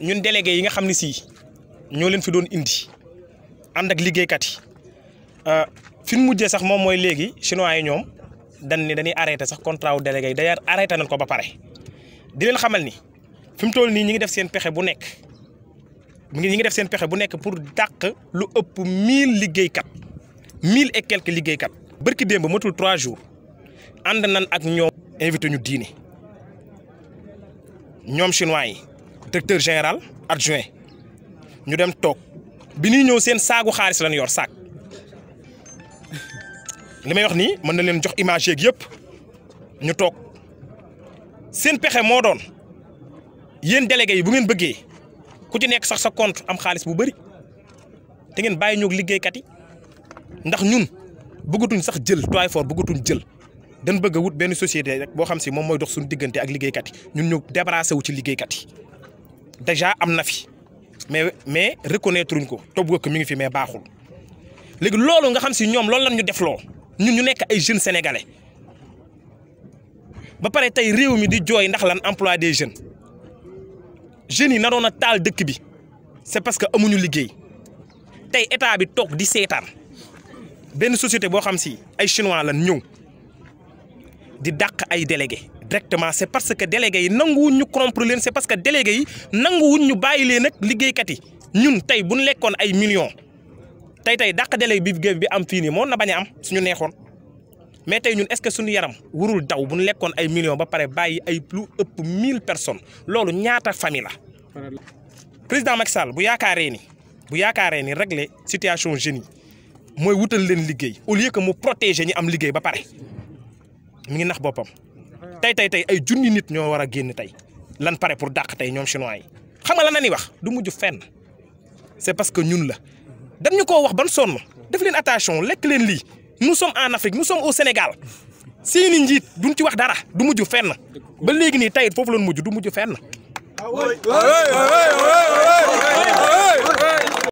ñun délégué yi nga xam ne sii ñoo leen fi doon indi ànd ak liggéeykat yi euh, fi nu mujjee sax moom mooy léegi chinois yi ñoom dañ ni dañuy arrêté sax contrat wu délégué yi d'ailleurs arrêté nañ ko ba pare di leen xamal ni fi mu toll nii ñi ngi def seen pexe bu nekk mi ngi ñi ngi def seen pexe bu nekk pour dàq lu ëpp mille liggéeykat mille et quelques liggéeykat. bërki démb matul trois jours ànd nañ ak ñoom invité ñu diine ñoom chinois yi. directeur général adjoint ñu dem toog bi ñuy ñëw seen saagu xaalis lañ yor saag li may wax nii mën na leen jox image yeeg yëpp ñu toog seen pexe moo doon yéen délégué yi bu ngeen bëggee ku ci nekk sax sa compte am xaalis bu bëri te ngeen bàyyi ñoog liggéeykat yi ndax ñun bëggatuñ sax jël Toy Fort bëggatuñ jël dañ bëgg wut benn société rek boo xam si moom mooy dox suñu diggante ak liggéeykat yi ñun ñu débarrassé wu ci liggéeykat yi. déjà am na fi mais mais reconnaître uñ ko topp wëkk mi ngi fi mais baaxul léegi loolu nga xam si ñoom loolu lan ñu defloo ñun ñu nekk ay jeunes sénégalais ba pare tey réew mi di jooy ndax lan emploi des jeunes jeunes yi naroon a taal dëkk bi c'est parce que amuñu liggéey tey état bi toog di seetaan benn société boo xam si ay chinois lan ñëw di dàq ay délégué directement c' est parce que délégué yi nanguwuñ ñu corrompre leen c' parce que délégué yi nanguwuñ ñu bàyyi leen ak liggéeykat yi ñun tey bu ñu lekkoon ay millions tey tey daq délégué bi bi am fii nii moon na bañ am suñu neexoon mais tey ñun est ce que suñu yaram warul daw bu ñu lekkoon ay millions ba pare bàyyi ay plus ëpp mille personnes loolu ñaata famille la. président Macky Sall bu yaakaaree ni bu yaakaaree ni régler situation jeunes yi mooy wutal leen liggéey au lieu que mu protéger ñi am liggéey ba pare mi ngi nax boppam. tey tey tey ay junni nit ñoo war a génn tey lan pare pour daq tey ñoom chinois yi xam nga lan la ñuy wax du mujj fenn c'est parce que ñun la ñu koo wax ban sonn def leen attention lekk leen lii nous sommes en Afrique nous sommes au Sénégal seeni njiit duñ ci wax dara du mujj fenn ba léegi nii tey foofu la mujj du mujj fenn.